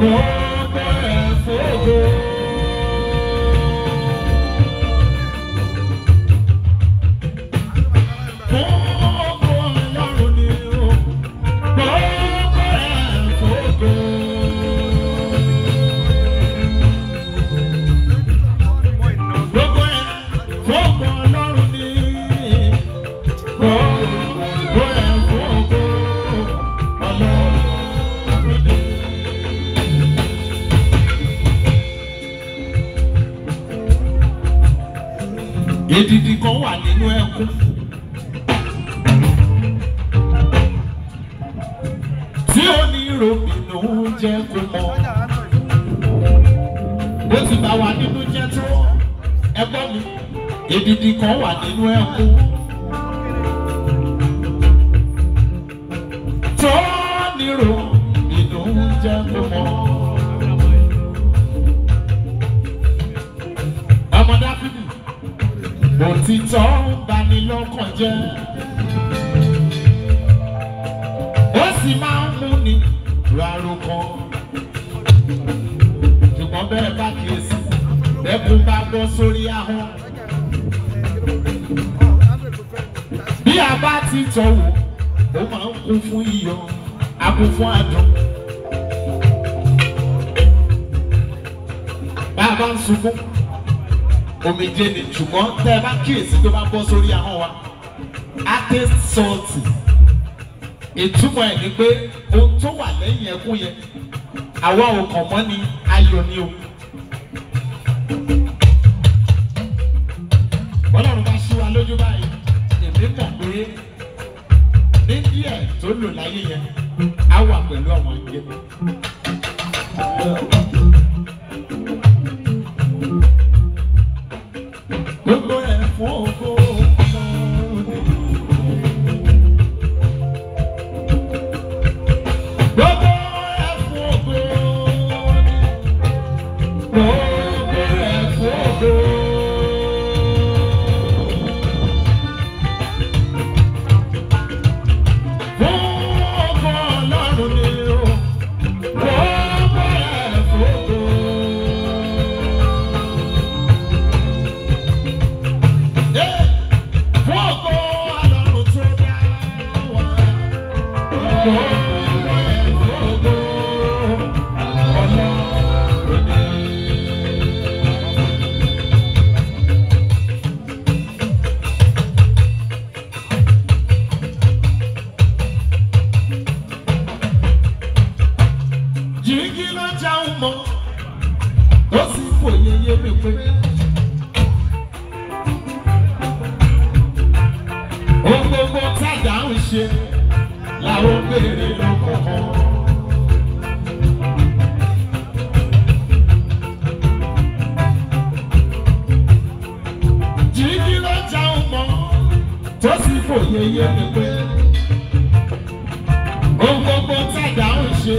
Yeah. Èdìdì kan wà nínú ẹkún. Tí ó ní ìròmìnà oúnjẹ kò mọ̀. Ó ti bá wa nínú jẹ́ tó ẹgbọ́n mi. Èdìdì kan wà nínú ẹkún. Tó ní ìròmìnà oúnjẹ kò mọ̀. òtítọ́ ń bani lọ́kàn jẹ́ ó sì máa ń múni rárò kan ṣùgbọ́n bẹ́ẹ̀ bá kíyèsí ẹkún bá bọ́ sórí ahọ́n bí a bá ti tọ̀wò ó máa ń kún fún iyọ̀ a kún fún adùn. bá a bá ń sunkún omijé ni ṣùgbọ́n tẹ́ ẹ bá kíyèsí tó bá bọ́ sórí ahọ́n wa á taste salty ìtumọ̀ ẹ̀ ni pé ohun tó wà lẹ́yìn ẹkún yẹn àwa ò kàn mọ́ ni ayọ̀ ni o. bọ́lọ́run bá ṣí wa lójú báyìí èmi mọ̀ pé ní díẹ̀ tó lò láyé yẹn á wà pẹ̀lú àwọn ìgbẹ́. No. jíngí ló jáun mọ́ ó sì fòye yé mi pé. ohun gbogbo tájà ń ṣe làwọn béèrè lọ́kọ̀ọ̀kan. tó sì fòye yé mi pé ohun gbogbo ń ṣe.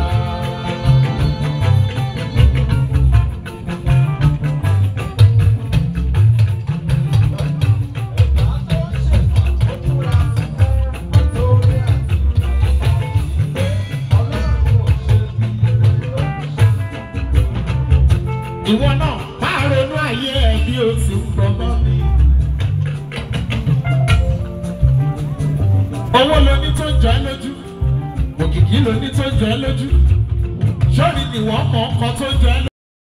ìwọ náà máa ronú ayé ẹ bí o ti fọmọ mi. owó lóní tó jọ ẹ́ lójú òkìkí lóní tó jọ ẹ́ lójú sórí ni wọ́n mọ̀ ọkọ tó jọ ẹ́ lójú.